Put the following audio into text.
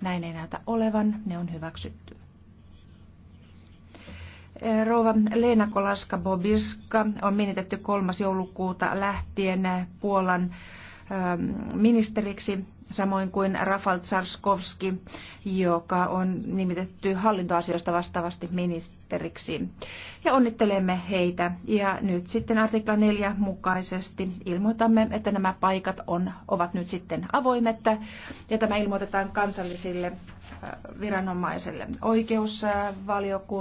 Näin ei näytä olevan. Ne on hyväksytty. Rouva Leena Kolaska-Bobiska on menetetty 3. joulukuuta lähtien Puolan Ähm, ministeriksi, samoin kuin Rafal Tsarskovski, joka on nimitetty hallintoasioista vastaavasti ministeriksi. Ja onnittelemme heitä. Ja nyt sitten artikla 4 mukaisesti ilmoitamme, että nämä paikat on, ovat nyt sitten avoimet ja tämä ilmoitetaan kansallisille äh, viranomaiselle. Oikeusvaliokunta